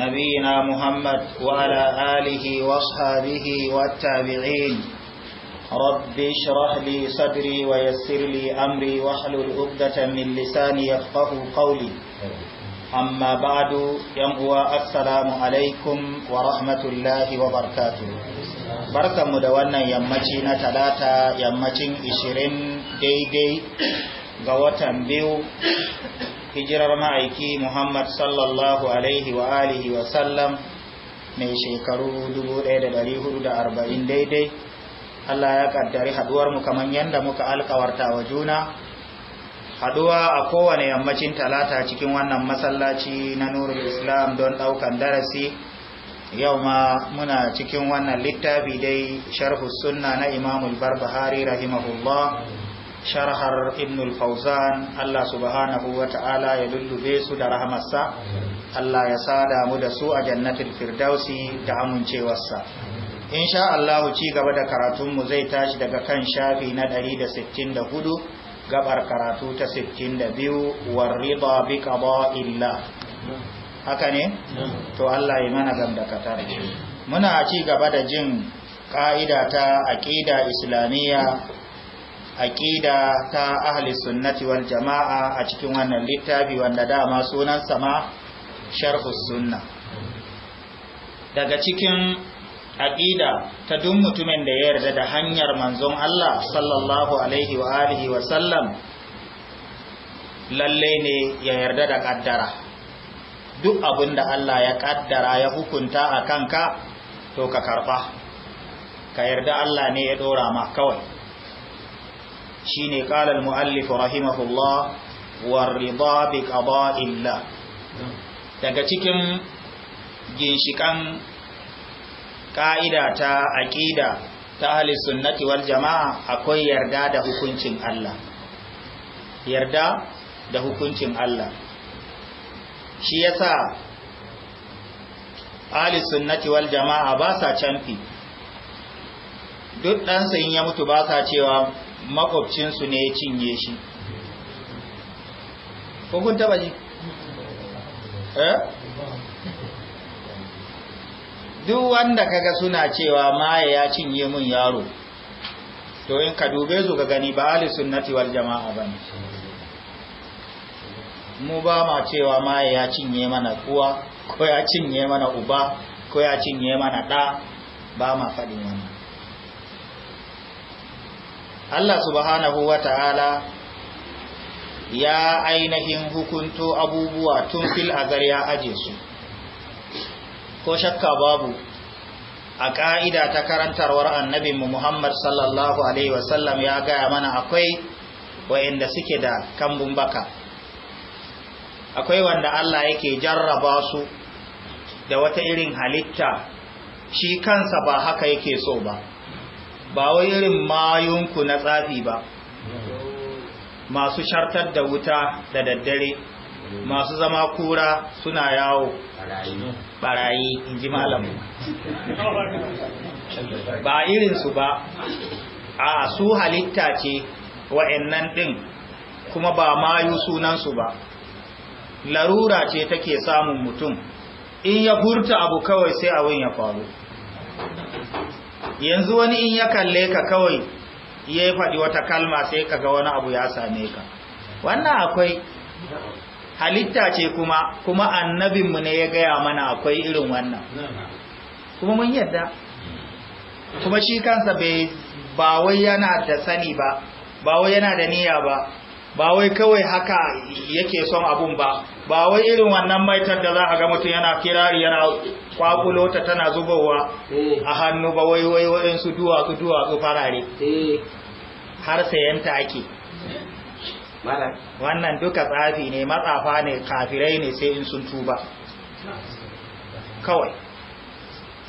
نبينا محمد وعلى آله واصحابه والتابعين رب اشرح لي صدري ويسر لي أمري واحلل عقدة من لساني يفقه قولي أما بعد ينقوى السلام عليكم ورحمة الله وبركاته بركة مدونة يمتين ثلاثة يمتين إشرين دي دي ga watan biyu hijirar ma'aiki Muhammad sallallahu alaihi wa alihi wa sallam mai shekaru 1440 daidai Allah ya kaddari haɗuwar mu kaman yanda muka alkawarta wa juna haduwa a kowane yammacin talata cikin wannan masallaci na nurul islam don daukan darasi yau ma muna cikin wannan littafi dai sharhu sunna na imamul barbahari rahimahullah sharhar ibnul fauzan Allah subhanahu wa ta'ala ya lullube su da rahamarsa Allah ya sada mu da su a jannatin firdausi da amincewarsa insha Allah ci gaba da karatun mu zai tashi daga kan shafi na 164 gabar karatu ta 62 war rida bi qada'illah haka ne to Allah ya mana gamdakatar muna ci gaba da jin ka'ida ta aqida islamiyya aqida ta ahli sunnati wal jama'a a cikin wannan littafi wanda dama sunan sama sharhus sunna daga cikin aqida ta duk mutumin da ya yarda da hanyar manzon Allah sallallahu alaihi wa alihi wa sallam lalle ne ya yarda da kaddara duk abinda Allah ya kaddara ya hukunta a ka to ka karba ka yarda Allah ne ya dora ma kawai shine qala mu'allifu muallif rahimahullah warida bi qada'illah daga cikin ginshikan ka'ida ta aqida ta ahli sunnati jama'a akwai yarda da hukuncin Allah yarda da hukuncin Allah shi yasa ahli sunnati wal jama'a ba sa canfi duk ɗansa in ya mutu ba sa cewa makwabcinsu ne ya cinye shi ko kun taba ji eh duk wanda kaga suna cewa maye ya cinye mun yaro to in ka dube su ka gani ba ali sunnati wal jama'a bane mu ba ma cewa maye ya cinye mana kuwa ko ya cinye mana uba ko ya cinye mana da ba ma faɗin wannan Allah subhanahu wa ta'ala ya ainihin hukunto abubuwa tun fil azar ya aje su ko shakka babu a ƙa'ida ta karantarwar annabinmu Muhammad sallallahu Alaihi wasallam ya gaya mana akwai wa'inda suke da kambun baka akwai wanda Allah yake jarraba su da wata irin halitta shi kansa ba haka yake so ba ba wai irin mayunku na tsafi ba masu shartar da wuta da daddare masu zama kura suna yawo barayi in ji malamu ba irinsu ba a su halitta ce wa'annan ɗin kuma ba mayu sunansu ba larura ce take samun mutum in ya furta abu kawai sai abin ya faru yanzu wani in ya kalle ka kawai ya faɗi wata kalma sai ka ga wani abu ya same ka wannan akwai halitta ce kuma kuma annabinmu ne ya gaya mana akwai irin wannan kuma mun yadda kuma shi kansa bai ba yana da sani ba ba wai yana da niyya ba ba wai kawai haka yake son abun ba ba wai irin wannan maitar da za a ga mutum yana kirari yana kwakulo ta tana zubowa eh. a hannu ba wai wai wurin su duwa su duwa su farare eh. har sayan ta ake wannan duka tsafi ne matsafa ne kafirai ne sai in sun tuba kawai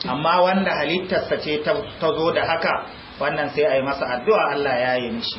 amma wanda halittarsa ce ta zo da haka wannan sai a yi masa addu'a Allah ya yi mishi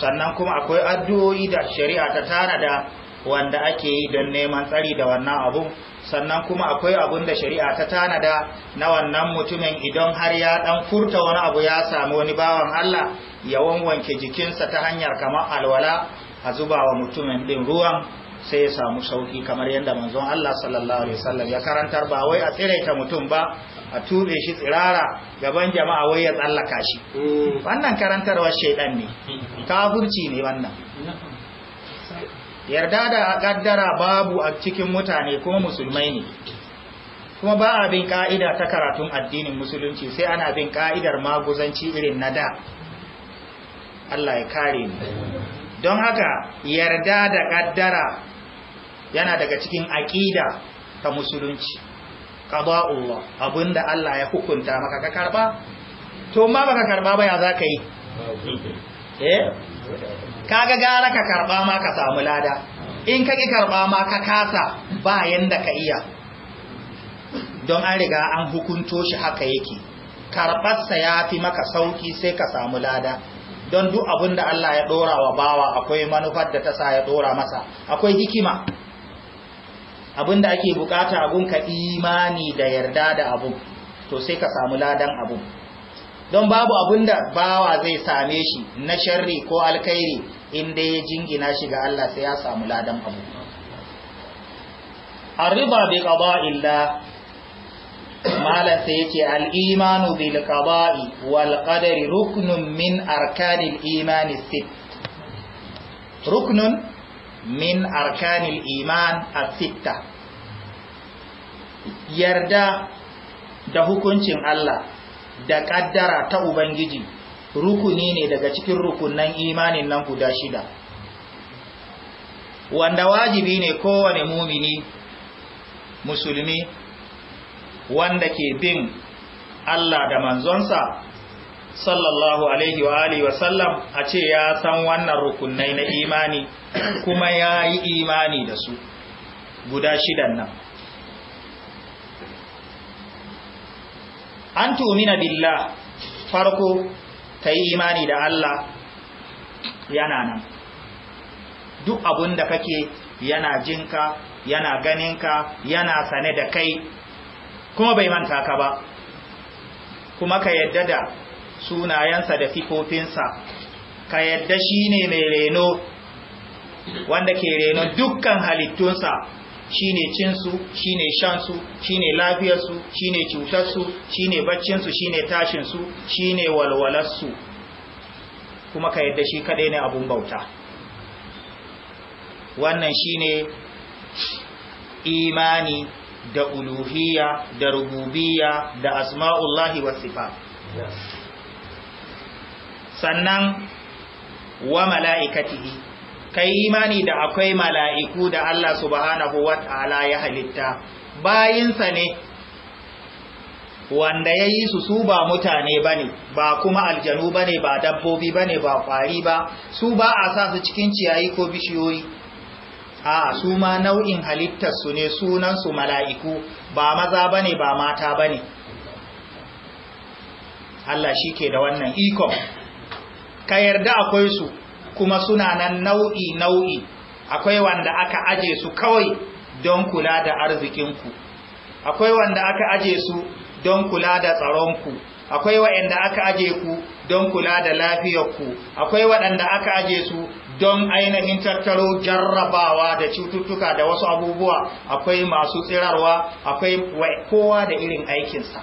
sannan kuma akwai addu'o'i da shari'a ta tanada wanda ake yi don neman tsari da wannan abun sannan kuma akwai abun da shari'a ta tanada na wannan mutumin idan har ya ɗan furta wani abu ya sami wani bawan Allah ya wanke jikinsa ta hanyar kamar alwala a zuba wa mutumin ɗin ruwan sai ya samu sauki kamar yadda manzon Allah sallallahu alaihi wasallam ya karantar ba wai a tsiraita mutum ba a tube shi tsirara gaban jama'a wai ya tsallaka shi mm. wannan karantarwar shaidan ne kafirci ne wannan yarda da kaddara babu a cikin mutane kuma musulmai ne kuma ba a bin ka'ida ta karatun addinin musulunci sai ana bin ka'idar maguzanci irin na da Allah ya kare ni don haka yarda da kaddara yana daga cikin aƙida ta musulunci qada'ullah abinda Allah ya hukunta maka ka karba to ma baka karba ba ya zaka yi eh kaga gara ka karba ma ka samu lada in ka ki karba ma ka kasa ba yanda ka iya don an riga an hukunto shi haka yake Karɓarsa ya fi maka sauki sai ka samu lada don duk abin da Allah ya ɗora wa bawa akwai manufar da ta sa ya ɗora masa akwai hikima Abin da ake bukata abun ka imani da yarda da abun to sai ka samu ladan abun don babu da bawa zai same shi na sharri ko alkhairi inda ya jingina shi ga Allah sai ya samu ladan abu arriba bi qada'illah malan sai yace al-imanu bil qada'i wal qadari ruknun min arkanil imani sit ruknun min arkanil iman asitta yarda da hukuncin Allah da kaddara ta ubangiji rukuni ne daga cikin rukunan imanin nan guda shida wanda wajibi ne kowane mumini musulmi wanda ke bin Allah da manzonsa sallallahu alaihi wa alihi wa sallam a ce ya san wannan rukunai na imani kuma ya yi imani da su guda shidan nan an tumina billah farko ta yi imani da Allah yana nan duk abun da kake yana jinka yana ganinka yana sane da kai kuma bai manta ka ba kuma ka yadda da sunayensa da sifofinsa ka yadda shi ne mai reno wanda ke renon dukkan halittunsa shi ne cinsu shi ne shansu shi ne lafiyarsu shi ne cutarsu shi ne baccinsu shi ne tashinsu shi ne walwalarsu kuma ka yadda shi kaɗai ne abun bauta wannan shi ne imani da uluhiyya da rububiyya da asma'ullahi wa sannan wa mala'ikatihi kai imani da akwai mala'iku da Allah subhanahu wa ta'ala ya halitta bayinsa ne wanda ya yi su su ba mutane ba ne ba kuma aljanu ba ne ba dabbobi ba ne ba kwari ba su ba a sa su cikin ciyayi ko bishiyoyi a su ma nau'in halittarsu ne sunansu mala'iku ba maza ba ne ba mata ba ne Allah shi ke da wannan ikon ka yarda akwai su kuma suna nan nau'i nau'i akwai wanda aka aje su kawai don kula da arzikinku akwai wanda aka aje su don kula da tsaronku akwai waɗanda aka aje ku don kula da lafiyarku akwai waɗanda aka aje su don ainihin tattaro jarrabawa da cututtuka da wasu abubuwa akwai masu tsirarwa akwai kowa da irin aikinsa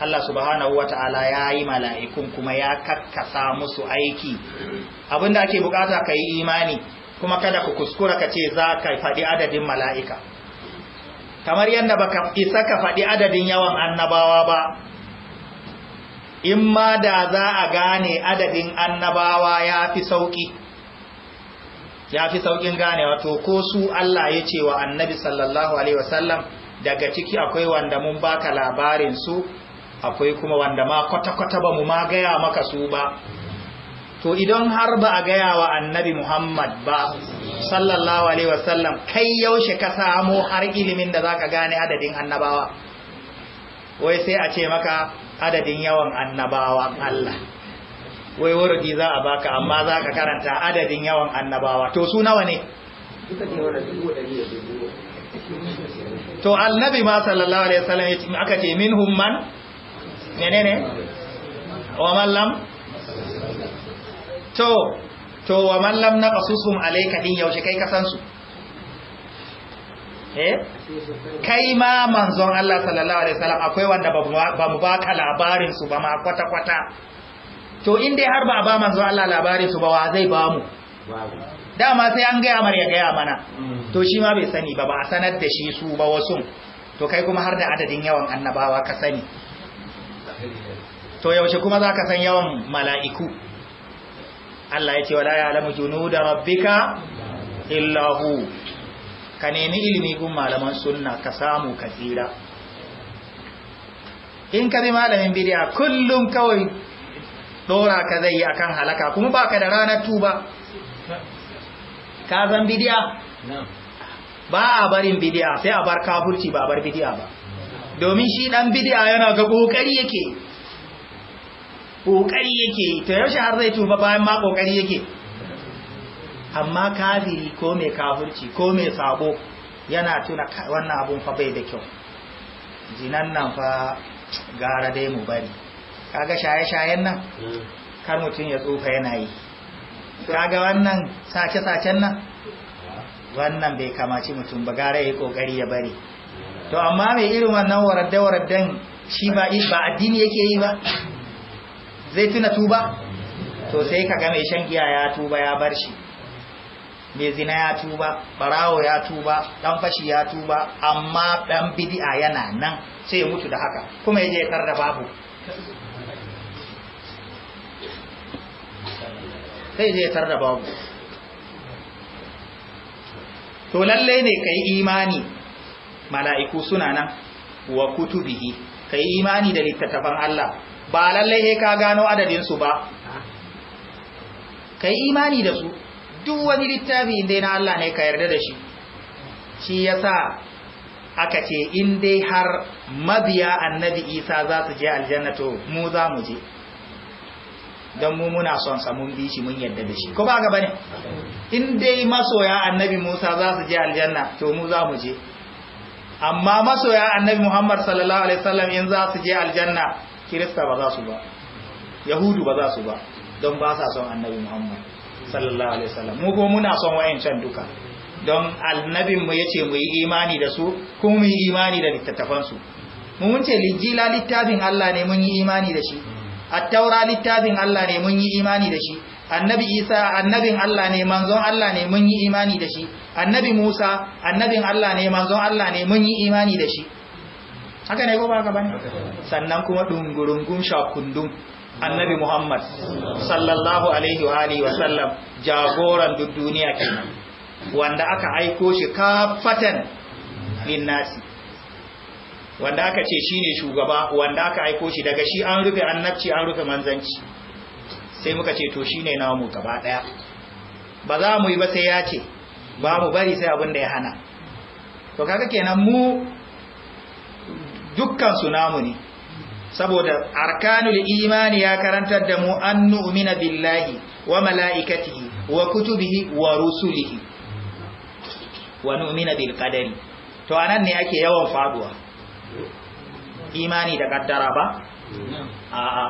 Allah subhanahu wata'ala ya yi mala'ikun kuma ya kakkasa musu aiki abinda ake bukata ka yi imani kuma kada ku kuskura ka ce za ka faɗi adadin mala'ika kamar yadda ba ka isa ka faɗi adadin yawan annabawa ba in ma da za a gane adadin annabawa ya fi sauƙi ya fi sauƙin gane wato ko su Allah ya ce wa annabi sallallahu alaihi wasallam daga ciki akwai wanda mun baka labarin su akwai kuma wanda ma kwata-kwata ba mu ma gaya maka su ba to idan har ba a gaya wa annabi muhammad ba sallallahu alaihi wasallam kai yaushe ka samo har ilimin da zaka gane adadin annabawa wai sai a ce maka adadin yawan annabawan allah wai wurdi za a baka amma za ka karanta adadin yawan annabawa to su nawa ne to annabi ma sallallahu alaihi wasallam aka ce minhum man menene wa lam to to wa lam na qasusum alayka din yaushe kai kasan su eh kai ma manzon Allah sallallahu alaihi wasallam akwai wanda ba mu ka labarin su ba ma kwata kwata to in dai har ba ba manzon Allah labarin su ba wa zai ba mu dama sai an gaya mar ya gaya mana mm. to shi ma bai sani ba ba a sanar da shi su ba wasu to kai kuma har da adadin yawan annabawa ka sani to yaushe kuma za ka san yawan mala'iku Allah ya ce wa laya alamu junu da rabbika illahu ka nemi ilimi gun malaman sunna ka samu ka tsira in ka bi malamin bidiya kullum kawai tsora ka zai yi akan halaka kuma ba ka da ranar tuba ka zan bidiya ba a barin bidiya sai a bar kafurci ba a bar bidiya ba domin shi dan bidiya yana ga kokari yake kokari yake ta yaushe har zai tuba bayan ma kokari yake amma kafiri ko mai kafirci ko mai sabo yana tuna wannan abun fa bai da kyau Jinan nan fa gara dai mu bari kaga shaye-shayen nan kar mutum ya tsufa yana yi kaga wannan sace-sacen nan wannan bai kamaci mutum ba gara ya kokari ya bari to amma mai irin wannan waradda waradden shi ba addini yake yi ba zai tuna tuba to sai ka ga mai shan giya ya tuba ya bar shi mai zina ya tuba barawo ya tuba dan fashi ya tuba amma dan bid'a yana nan sai ya mutu da haka kuma yaje ya da babu sai ya tar da babu to lalle ne kai imani mala'iku suna nan wa kutubihi kai imani da littattafan Allah ba lallai ka gano adadin su ba kai imani da su duk wani littafi inda na Allah ne ka yarda da shi shi yasa aka ce in dai har mabiya annabi Isa za su je aljanna to mu za mu je don mu muna son sa mun bi shi mun yarda da shi ko ba ga bane in dai masoya annabi Musa za su je aljanna to mu za mu je amma masoya annabi Muhammad sallallahu alaihi wasallam in za su je aljanna kirista ba za su ba yahudu ba za su ba don ba sa son annabi muhammad sallallahu alaihi wasallam mu ko muna son wayancan duka don annabin mu yace mu yi imani da su kuma mu yi imani da littattafan su mu mun ce lijila littafin Allah ne mun yi imani da shi at-taura littafin Allah ne mun yi imani da shi annabi Isa annabin Allah ne manzon Allah ne mun yi imani da shi annabi Musa annabin Allah ne manzon Allah ne mun yi imani da shi haka ne ko ba haka bane sannan kuma dungurungun shakundun annabi Muhammad sallallahu alaihi wa alihi wa sallam jagoran duk duniya kenan wanda aka aiko shi kafatan innasi. wanda aka ce shine shugaba wanda aka aiko shi daga shi an rufe annabci an rufe manzanci sai muka ce to shine namu gaba daya ba za mu yi ba sai ya ce ba mu bari sai abin da ya hana to kaga kenan mu dukkan su namu ne saboda arkanul imani ya karantar da mu an nu'mina billahi wa mala'ikatihi wa kutubihi wa rusulihi wa nu'mina bil qadari to anan ne ake yawan faduwa imani da kaddara ba a'a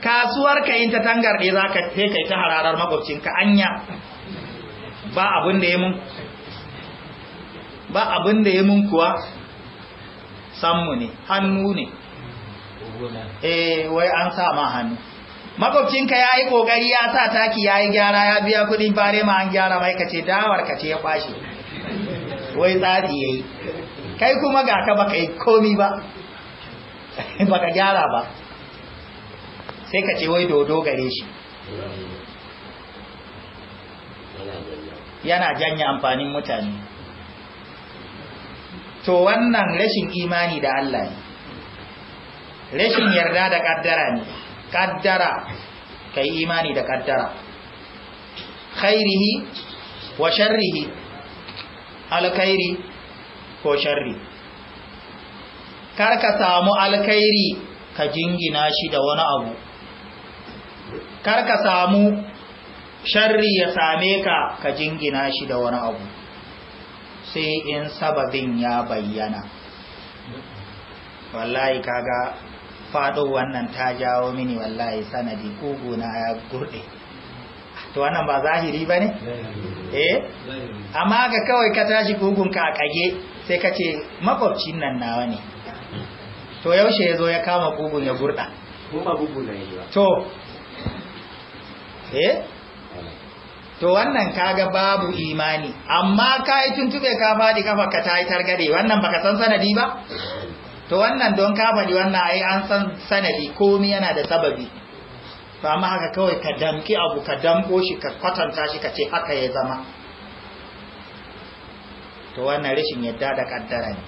kasuwar ka in ta tangarde zaka kai kai ta hararar ka anya ba abin da ya mun ba abin da ya mun kuwa sammu ne hannu ne eh wai an sa ma hannu makwabcinka ya yi ƙoƙari ya sa taki ya yi gyara ya biya kudin bare ma an gyara mai kace dawar kace ya kwashe wai tsari ya yi kai kuma ga ka baka yi komi ba baka gyara ba sai ka ce wai dodo gare shi yana janya amfanin mutane to wannan rashin imani da Allah ne rashin yarda da kaddara ne kaddara kai imani da kaddara khairihi wa sharrihi alkhairi ko sharri kar ka samu alkhairi ka jingina shi da wani abu kar ka samu sharri ya same ka ka jingina shi da wani abu sai in sababin ya bayyana wallahi kaga faɗo wannan ta jawo mini wallahi sanadi na ya gurɗe to wannan ba zahiri ba ne? eh amma ga kawai ka tashi kugunka a kage sai ka ce makwabcin nan nawa ne to yaushe ya zo ya kama kugun ya gurɗa to eh to wannan kaga babu imani amma ka yi tuntube ka faɗi kafa ka ta yi targade wannan baka san sanadi ba to wannan don ka faɗi wannan ai an san sanadi komai yana da sababi to amma haka kawai ka damki abu ka damko shi ka kwatanta shi ka ce haka ya zama to wannan rashin yadda da kaddara ne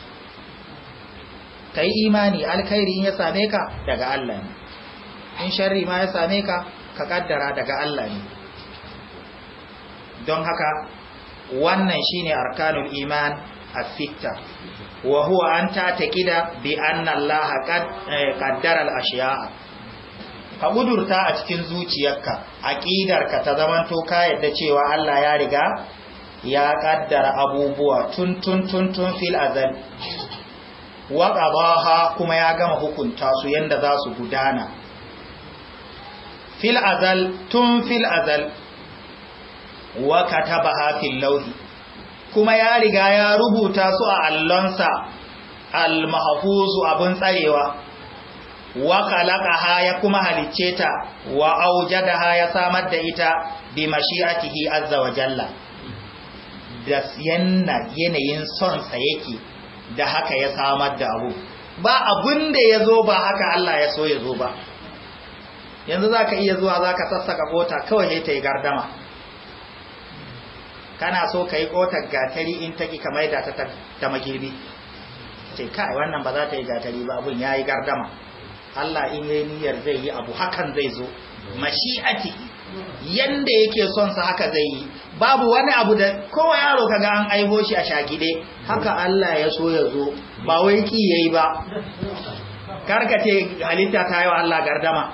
ka yi imani alkhairi ya same ka daga Allah ne in sharri ma ya same ka ka kaddara daga Allah ne don haka wannan shine arkanul iman a sitta wa huwa an ta bi anna allaha qad eh, qaddara al ashiya ka gudurta a cikin zuciyarka ƙidarka ta zamanto ka yadda cewa Allah ya riga ya kaddara abubuwa tun tun tun tun fil azal wa qabaha kuma ya gama hukunta su yadda za su gudana fil azal tun fil azal wa katabaha fil lawhi kuma ya riga ya rubuta su a allonsa al-mahfuzu abun tsarewa wa khalaqaha ya kuma halicce ta wa ha ya samar da ita bi mashi'atihi azza wa jalla da yanna yanayin son sa yake da haka ya samar da abu ba abun da ya zo ba haka Allah ya so ya zo ba yanzu za ka iya zuwa za ka sassaka kota kawai ya ta yi gardama kana so ka yi ƙotar gatari in taki kamar da ta ta magirbi ce kai wannan ba za ta yi gatari ba abun ya yi gardama Allah in yi niyyar zai yi abu hakan zai zo mashi'ati yanda yake son sa haka zai yi babu wani abu da kowa yaro ka ga an aiho shi a shagide haka Allah ya so ya zo ba wai ki yayi ba karkace halitta ta yi wa Allah gardama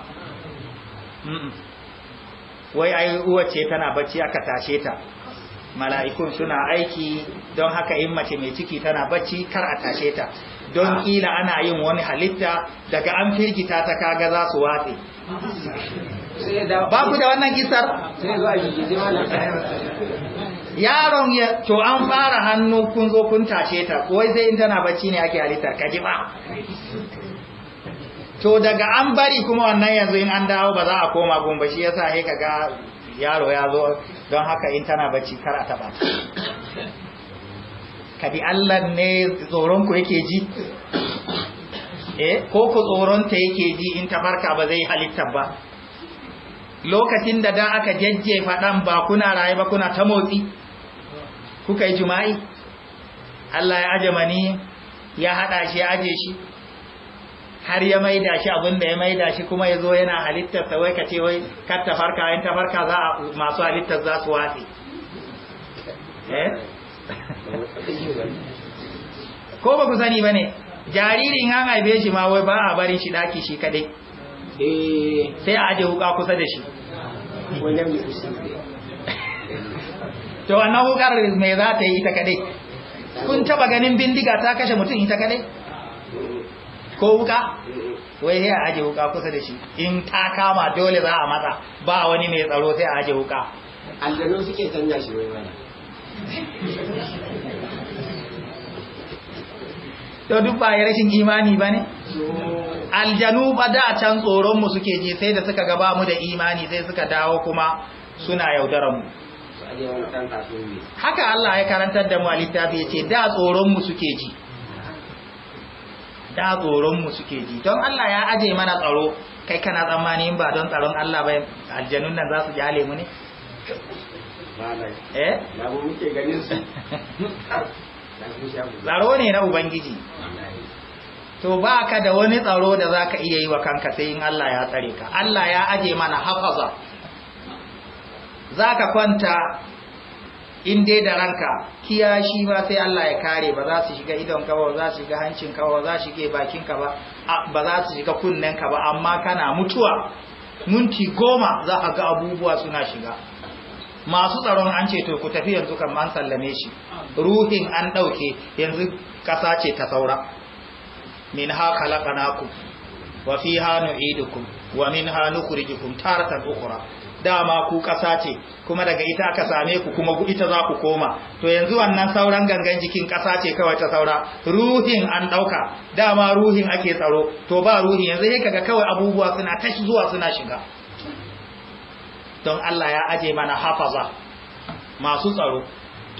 wai ai uwa ce tana bacci aka tashe ta mala'ikun suna aiki don haka in mace mai ciki tana bacci kar a tashe ta don ah. ila ana yin wani halitta daga an firgita ta kaga za su watse ba ku da wannan kisar yaron ya to an fara hannu kun zo kun tashe ta wai sai in tana bacci ne ake ka ji ba to daga an bari kuma wannan yanzu in an dawo ba za a koma gumba shi yasa sai kaga yaro ya zo don haka in tana bacci kar a taba ka bi Allah ne tsoronku ku yake ji eh ko ku tsoron ta yake ji in ta barka ba zai halitta ba lokacin da da aka jajje faɗan ba kuna raye ba kuna ta motsi kuka yi jima'i Allah ya ajamani ya haɗa shi ya aje shi har ya maida shi abin da ya maida shi kuma ya zo yana halittar ta, wai ka ce wai kar ta farka in ta farka za a masu halittar za su wafe. Eh? ko ba ku sani ba ne jaririn an haife shi ma wai ba a bari shi daki shi kadai sai a aje wuka kusa da shi to wannan wukar mai za ta yi ita kadai kun taba ganin bindiga ta kashe mutum ita kadai ko wuka wai sai a aje wuka kusa da shi in ta kama dole za a matsa ba wani mai tsaro sai a aje wuka aljanu suke sanya shi wai mana to duk ba rashin imani ba ne aljanu ba da can tsoron mu suke ji sai da suka ba mu da imani sai suka dawo kuma suna mu. haka Allah ya karantar da mu a littafi ya ce da mu suke ji da mu suke ji don Allah ya aje mana tsaro kai kana tsammani ba don tsaron Allah ba aljanun nan za su jale mu ne eh tsaro ne na ubangiji to ba ka da wani tsaro da za ka iya yi wa kanka sai in Allah ya tsare ka Allah ya aje mana hafaza za ka kwanta in dai da ranka shi ba sai Allah ya kare ba za su shiga idon ka ba za su shiga hancin ka ba za su shiga bakin ka ba ba za su shiga kunnen ka ba amma kana mutuwa minti goma za ka ga abubuwa suna shiga masu tsaron an ce to ku tafi yanzu kan an sallame shi ruhin an ɗauke yanzu ƙasa ce ta saura min ha khalaqnakum wa fiha nu'idukum wa minha nukhrijukum taratan ukhra dama ku ƙasa ce kuma daga ita aka same ku kuma ita za ku koma to yanzu wannan sauran gangan jikin ƙasa ce kawai ta saura ruhin an ɗauka dama ruhin ake tsaro to ba ruhi yanzu sai kaga kawai abubuwa suna tashi zuwa suna shiga don Allah ya aje mana hafaza masu tsaro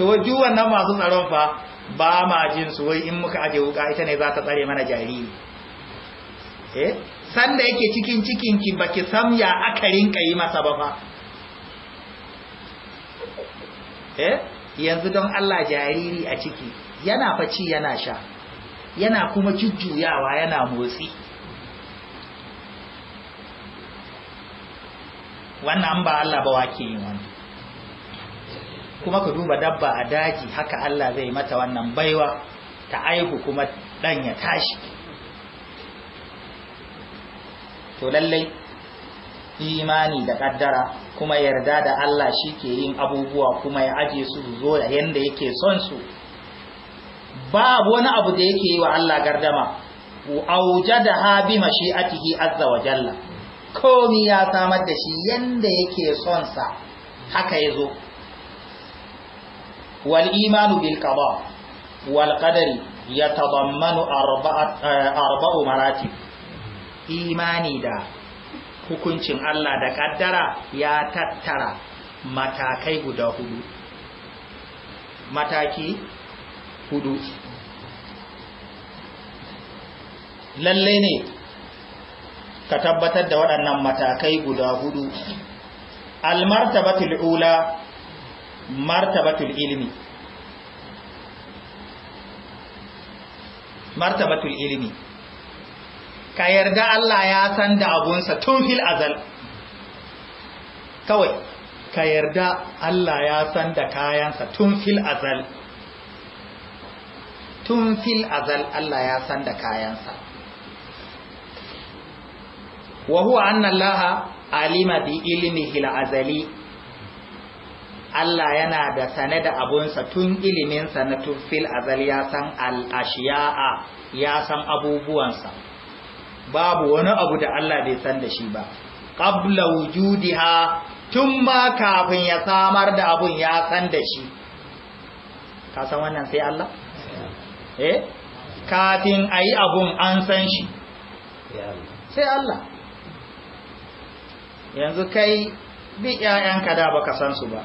to duk wannan masu tsaron fa ba ma jin su wai in muka aje wuka ita ne za ta tsare mana jariri eh sanda yake cikin cikinki baki san ya aka rinka yi masa ba fa eh yanzu don Allah jariri a ciki yana faci yana sha yana kuma jujjuyawa yana motsi wannan ba Allah ba wake yin wannan kuma ku duba dabba a daji haka Allah zai mata wannan baiwa ta aihu kuma dan ya tashi to lallai imani da kaddara kuma yarda da Allah shi ke yin abubuwa kuma ya aje su zo da yanda yake son su babu wani abu da yake yi wa Allah gardama aujada ha bi mashi'atihi azza wa jalla komi ya samar da shi yanda yake son sa haka zo wal imanu bil qada wal qadari yatadammanu arba'at eh, arba'u maratib imani da hukuncin Allah da kaddara ya tattara matakai guda hudu mataki hudu lalle ne ka tabbatar da waɗannan matakai guda hudu almartabatul ula martabatul ilimi martabatul ilimi ka yarda Allah ya san da abunsa tun fil azal kawai ka yarda Allah ya san da kayansa tun fil azal tun fil azal Allah ya san da kayansa wa huwa anna Allah alima bi ilmihi al-azali Allah yana da sane da abunsa tun iliminsa na tun fil azal ya san al-ashiya'a ya san abubuwansa babu wani abu da Allah bai san da shi ba qabla wujudiha tun ma kafin ya samar da abun ya san da shi ka san wannan sai Allah eh kafin ayi abun an san shi sai Allah yanzu kai duk ƴaƴanka da baka san su ba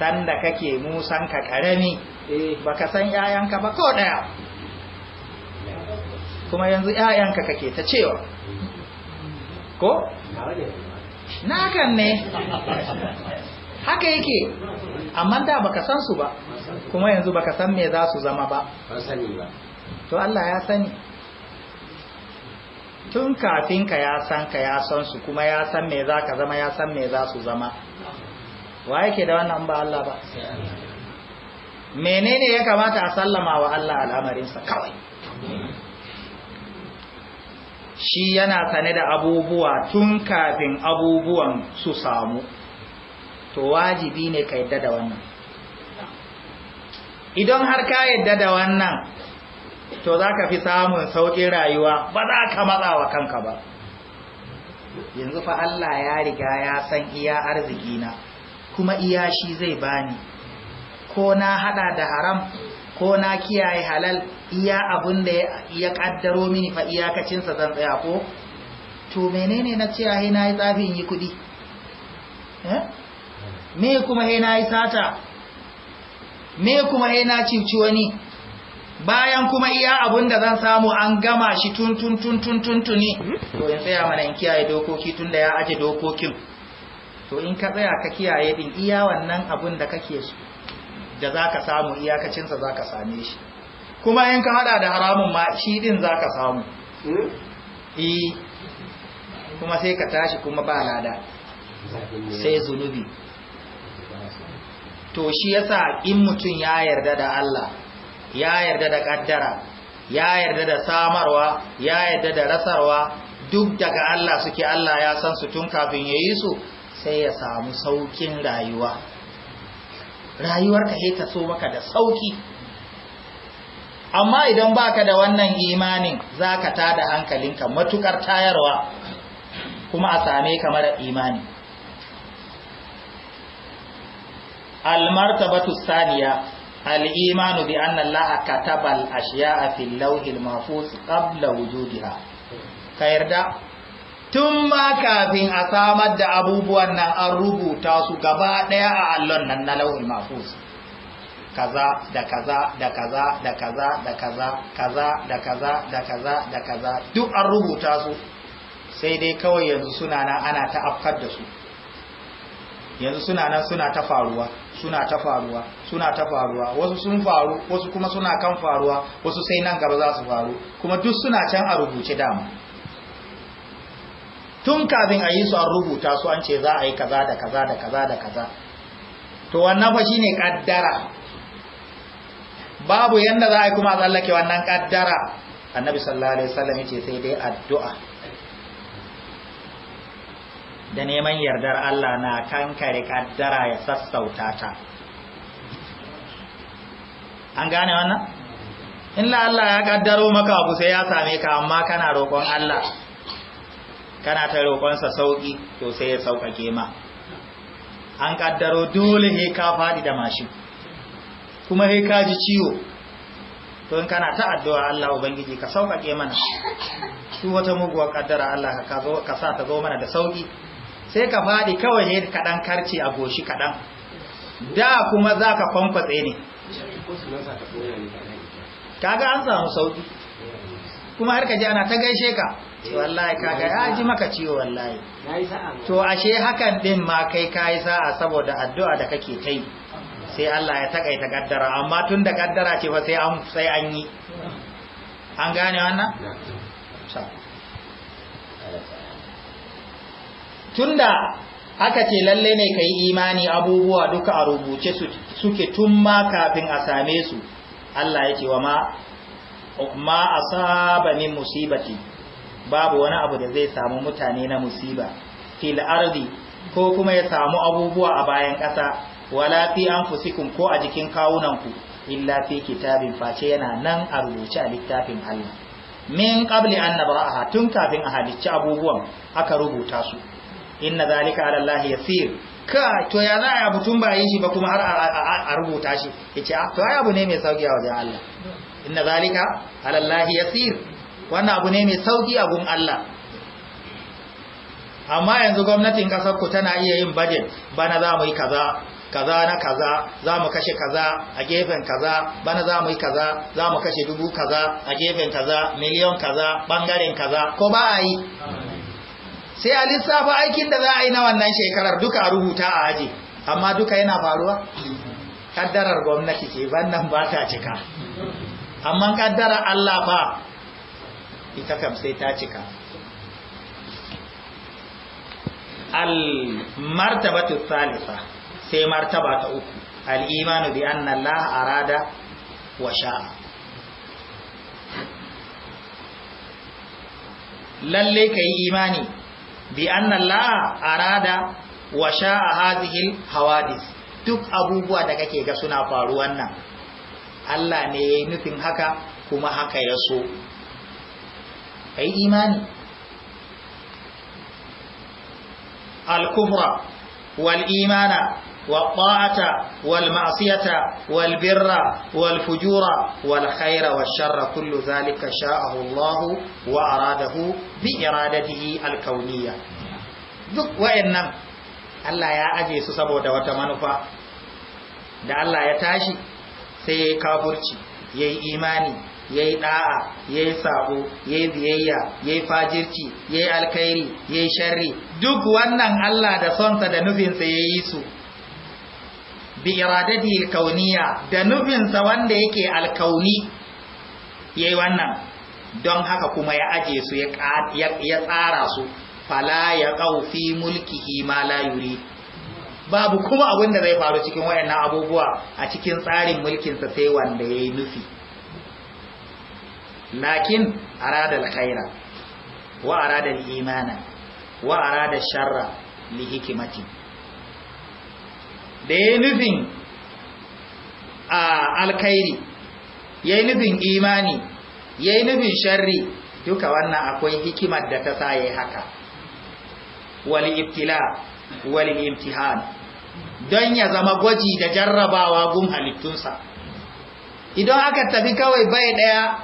sanda kake musan ka karami eh. baka san ƴaƴanka ba ko daya kuma yanzu ‘ya'yanka kake ta cewa ko? nakan ne haka yake amma da baka san su ba kuma yanzu baka san me za su zama ba to Allah ya sani tun kafin ka ya san ka ya san su kuma ya san me za ka zama ya san me za su zama wa yake da wannan ba Allah ba menene ya kamata a sallama wa Allah al'amarinsa kawai shi yana sane da abubuwa tun kafin abubuwan su samu to wajibi ne ka yadda da wannan idan har ka yadda da wannan to za ka fi samun sauƙin rayuwa ba za ka matsa wa kanka ba yanzu fa Allah ya riga ya san iya arzikina kuma iya shi zai bani ko na hada da haram ko na kiyaye halal iya abin da ya kaddaro mini fa iyakacinsa zan tsaya ko to menene na ce ai na yi tsafin yi kuɗi eh? me kuma he na yi sata me kuma he na cimci wani bayan kuma iya abin da zan samu an gama shi tun tun tun tun tun tuni to in tsaya mana in kiyaye dokoki tun da ya aje dokokin to in ka tsaya ka kiyaye din iya wannan abin da kake so da za ka samu iyakacinsa za ka same shi kuma in ka hada da haramun ma shi din ka samu eh kuma sai ka tashi kuma ba lada sai zunubi to shi yasa in mutum ya yarda da Allah ya yarda da kaddara ya yarda da samarwa ya yarda da rasarwa duk daga Allah suke Allah ya san su tun kafin ya yi su sai ya samu saukin rayuwa rayuwarka sai ta so maka da sauki amma idan baka da wannan imanin zaka tada hankalinka matukar tayarwa kuma a same ka mara imani almartabatu saniya al-imanu bi anna allaha kataba al-ashya'a fil lawhil mahfuz qabla wujudiha ka yarda tun ma kafin a samar da abubuwan nan an rubuta su gaba ɗaya a allon nan na lauhin mafus kaza da kaza da kaza da kaza da kaza kaza da kaza da kaza da kaza duk an rubuta su sai dai kawai yanzu suna nan ana ta afkar da su yanzu suna nan suna ta faruwa suna ta faruwa suna ta faruwa wasu sun faru wasu kuma suna kan faruwa wasu sai nan gaba za su faru kuma duk suna can a rubuce dama tun kafin a yi su an rubuta su an ce za a yi kaza da kaza da kaza da kaza to wannan fa shine kaddara babu yanda za a yi kuma a tsallake wannan kaddara annabi sallallahu alaihi wasallam yace sai dai addu'a da neman yardar Allah na kankare kaddara ya sassauta ta an gane wannan in Allah ya kaddaro maka abu sai ya same ka amma kana roƙon Allah kana ta roƙonsa sauƙi to sai ya sauƙaƙe ma an ƙaddaro dole he ka faɗi da mashin kuma he ka ji ciwo to in kana ta addu'a Allah ubangiji ka sauƙaƙe mana shi wata muguwar ƙaddara Allah ka sa ta zo mana da sauƙi sai ka faɗi kawai he kaɗan karci a goshi kaɗan da kuma za ka ne kaga an samu sauƙi kuma har ka ji ana ta gaishe ka to wallahi kaga ya ji maka ciwo wallahi to ashe hakan din ma kai kai sa'a saboda addu'a da kake ta yi sai Allah ya takaita kaddara amma tun da kaddara ce fa sai an sai an yi an gane wannan tunda aka ce lalle ne kai imani abubuwa duka a rubuce suke tun ma kafin a same su Allah ya ce wa ma ma asaba min musibati babu wani abu da zai samu mutane na musiba fil ardi ko kuma ya samu abubuwa a bayan ƙasa wala fi anfusikum ko a jikin kawunanku illa fi kitabin face yana nan a rubuce a littafin Allah min qabli an nabraha tun kafin a halicci abubuwan aka rubuta su inna zalika ala Allah yasir ka to ya za a abu tun bayin shi ba kuma har a rubuta shi yace ah, to ai abu ne mai sauki a wajen Allah inna zalika ala Allah yasir wannan abu ne mai sauki a gun Allah amma yanzu gwamnatin kasar ku tana iya yin budget bana za mu yi kaza kaza na kaza za mu kashe kaza a gefen kaza bana za mu yi kaza za mu kashe dubu kaza a gefen kaza miliyon kaza bangaren kaza ko ba a yi sai a lissafa aikin da za a yi na wannan shekarar duka a rubuta a aji amma duka yana faruwa kaddarar gwamnati ce bannan ba ta cika amma kaddarar Allah ba ita kam sai ta cika al-martabatu sai martaba ta uku al-imanu bi anna Allah arada wa sha'a lalle kai imani bi anna Allah arada wa sha'a hadhihi al duk abubuwa da kake ga suna faruwan nan Allah ne yayin nufin haka kuma haka ya so ka yi imani al-kufra wal imana والطاعة والمعصية والبر والفجور والخير والشر كل ذلك شاءه الله وأراده بإرادته الكونية duk wa'annan Allah ya aje su saboda wata manufa da Allah ya tashi sai ya yi kafurci ya yi imani ya yi ɗa'a ya yi sabo ya yi biyayya ya yi fajirci ya yi alkairi ya yi sharri duk wannan Allah da sonsa da nufinsa ya yi su bi iradadi kauniya da nufinsa wanda yake alkauni ya yi wannan don haka kuma ya aje su ya tsara su fala ya ƙaufi mulki ma la yuri babu kuma abin da zai faru cikin wayannan abubuwa a cikin tsarin mulkinsa sai wanda ya yi nufi lakin arada alkhaira wa arada imana wa arada sharra li hikimati da yayi nufin a alkhairi yayi nufin imani yayi nufin sharri duka wannan akwai hikimar da ta sa yayi haka wal ibtila wal imtihan don ya zama gwaji da jarrabawa gun halittunsa idan aka tafi kawai bai daya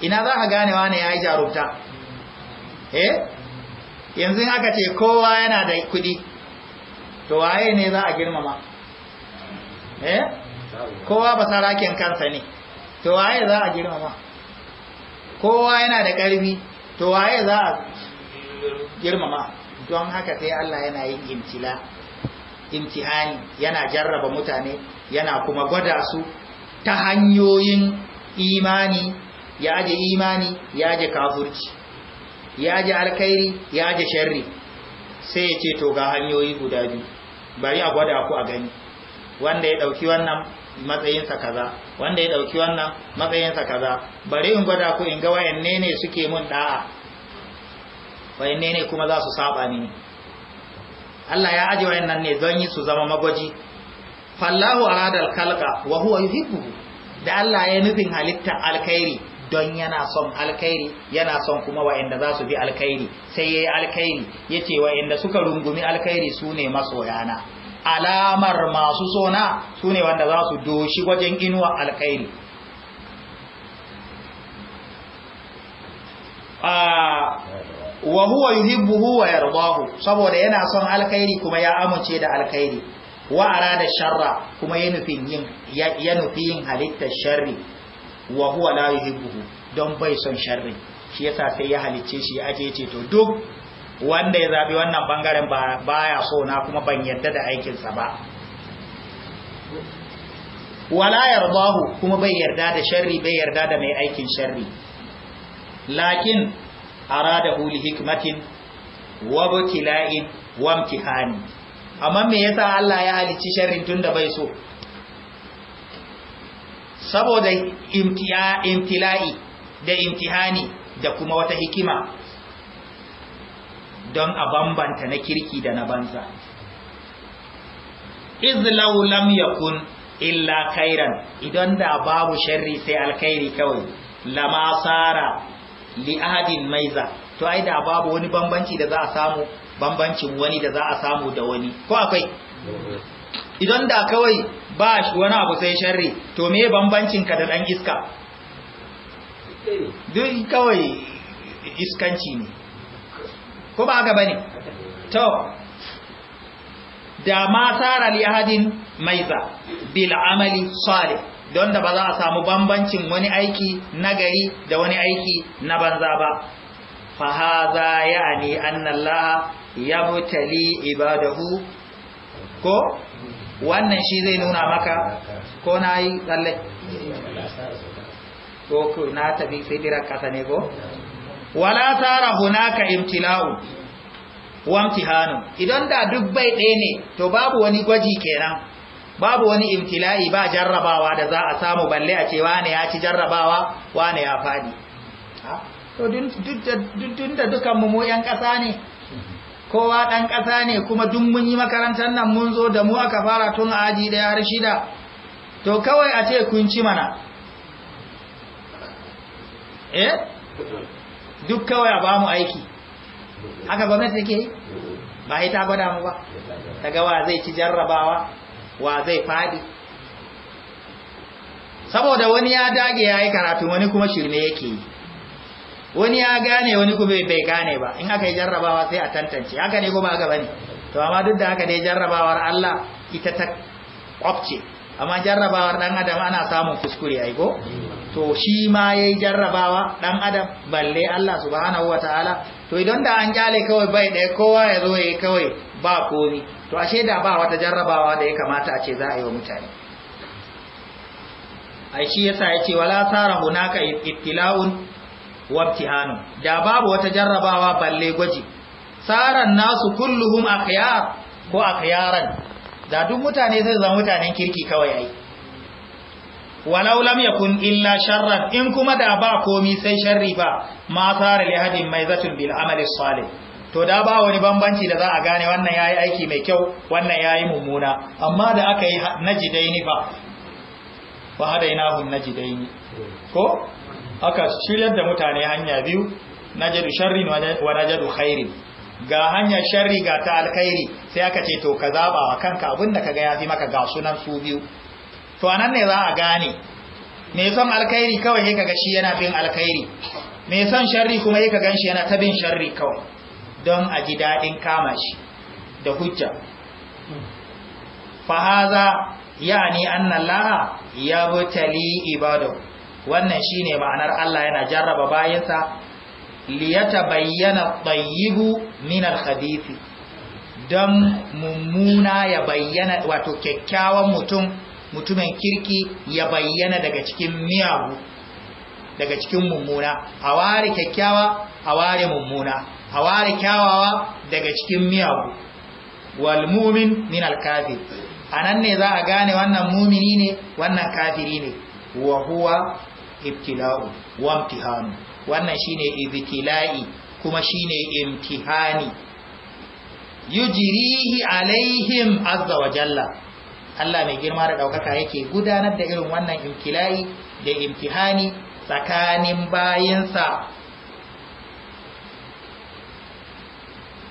ina za ka gane wane ya yi jarumta eh yanzu aka ce kowa yana da kudi to waye ne za a girmama eh kowa ba sarakin kansa ne to waye za a girmama kowa yana da ƙarfi to waye za a girmama don haka sai Allah yana yin imtila imtihani yana jarraba mutane yana kuma gwada su ta hanyoyin imani ya aje imani ya aje kafurci ya aje alkhairi ya aje sharri sai ya ce to ga hanyoyi guda biyu bari a gwada ku a gani wanda ya dauki wannan matsayinsa kaza wanda ya dauki wannan matsayinsa kaza bari in gwada ku in ga wayanne ne suke mun da'a wayanne ne kuma za su saba mini Allah ya aje wayannan ne don yi su zama magwaji fallahu aradal khalqa wa huwa yuhibbu da Allah ya nufin halitta alkhairi don yana son alkairi yana son kuma wa'anda za su bi alkairi sai yayi ya yace wa'anda suka rungumi alkhairi sune masoyana alamar masu sona sune wanda za su doshi wajen inuwa alkhairi wa huwa yuhibbu wa yardahu saboda yana son alkhairi kuma ya amince da alkhairi wa arada sharra kuma ya ya nufi yin halittar sharri wa huwa la yuhibbu don bai son sharri shi yasa sai ya halicce shi ya aje ce to duk wanda ya zabi wannan bangaren baya so na kuma ban yarda da aikin sa ba wala yardahu kuma bai yarda da sharri bai yarda da mai aikin sharri lakin hu li hikmatin wa butila'in wa imtihani amma me yasa Allah ya halicci sharrin tunda bai so saboda imtila'i da imtihani da kuma wata hikima don a bambanta na kirki da na banza izlau lam yakun illa khairan idan da babu sharri sai alkairi kawai lama tsara li maiza to ai da babu wani bambanci da za a samu bambancin wani da za a samu da wani ko akwai idan da kawai ba shi wani abu sai sharri to me bambancin ka da dan iska duk kawai iskanci ne ko ba haka bane to da ma sara li ahadin maiza bil amali salih don da ba za a samu bambancin wani aiki na gari da wani aiki na banza ba fahaza ya'ani ya yabtali ibadahu ko wannan shi zai nuna maka ko na yi tsalle ko na tafi sidirar kasa ne ko wala tara hunaka imtila'u wa imtihanu idan da duk bai ɗaya ne to babu wani gwaji kenan babu wani imtila'i ba jarrabawa da za a samu balle a ce wane ya ci jarrabawa wane ya fadi to duk da dukanmu mu 'yan ƙasa ne kowa ɗan ƙasa ne kuma duk mun yi makarantar nan mun zo da mu aka fara tun aji ɗaya har shida to kawai a ce kun ci mana eh duk kawai a ba mu aiki haka gwamnati take yi ba yi ta gwada mu ba daga wa zai ci jarrabawa wa zai faɗi saboda wani ya dage ya yi karatu wani kuma shirme yake yi wani ya gane wani kuma bai gane ba in aka yi jarrabawa sai a tantance haka ne kuma aka bane to amma duk da haka dai jarrabawar Allah ita ta kwafce amma jarrabawar dan adam ana samun kuskure ai go to shi ma yayi jarrabawa dan adam balle Allah subhanahu wataala to idan da an kyale kawai bai ɗaya kowa ya zo yayi kawai ba komi to ashe da ba wata jarrabawa da ya kamata a ce za a yi wa mutane ai shi yasa yace wala tsara hunaka ibtila'un wabtihanu da babu wata jarrabawa balle gwaji saran nasu kulluhum akhyar ko da duk mutane sai zama mutanen kirki kawai ai walau lam yakun illa sharran in kuma da ba komi sai sharri ba ma sara li hadin maizatun bil amali salih to da ba wani bambanci da za a gane wannan yayi aiki mai kyau wannan yayi mummuna amma da aka yi najidaini ba wa hadainahu najidaini ko aka shiryar da mutane hanya biyu na jadu sharrin wa jadu khairi ga hanyar sharri ga ta alkhairi sai aka ce to ka zaba wa kanka abin da ka kaga yafi maka ga sunan su biyu to anan ne za a gane me son alkhairi kawai sai kaga shi yana bin alkhairi me son sharri kuma sai kaga shi yana ta bin sharri kawai don a ji dadin kama shi da hujja fa haza yani annallaha allaha yabtali ibadahu wannan shine ma'anar Allah yana jarraba bayansa liyata bayyana tsayibu minar khabithi don mummuna ya bayyana wato kyakkyawan mutum mutumin kirki ya bayyana daga cikin miyagu daga cikin mummuna a ware kyakkyawa a ware mummuna a kyawawa daga cikin miyagu wal mumin min al kafir anan ne za a gane wannan mumini ne wannan kafiri ne wa huwa ibtila'u wa imtihanu wannan shine ibtila'i kuma shine imtihani yujrihi alaihim azza wa jalla Allah mai girma da daukaka yake gudanar da irin wannan imtila'i, da imtihani tsakanin bayinsa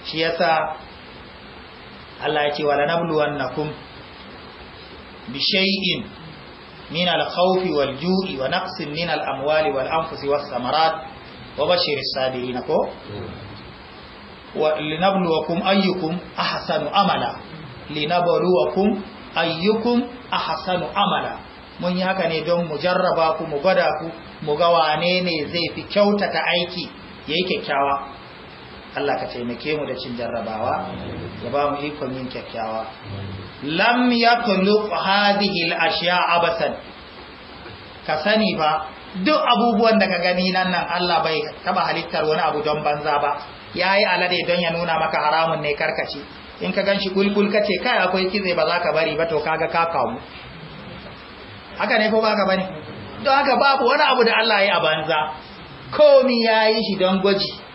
shi yasa Allah ya ce wala nabluwannakum bi shay'in min al-khawf ju'i wa naqsin min al-amwali wal anfusi was samarat wa bashir as-sabirin ko wa ayyukum ahsanu amala linabluwakum amala mun yi haka ne don mu jarraba ku mu gwada ku mu ga ne zai fi kyautata aiki yayi kyakkyawa Allah ka taimake mu da cin jarrabawa ya ba mu ikon yin kyakkyawa lam yakunu hadhihi al-ashya abasan ka sani ba duk abubuwan da ka gani nan nan Allah bai taba halittar wani abu don banza ba yayi alade don ya nuna maka haramun ne karkaci in ka ganshi kulkul kace kai akwai kize ba za ka bari ba to kaga ka kawo haka ne ko baka bane don haka babu wani abu da Allah ya yi a banza komi yayi shi don gwaji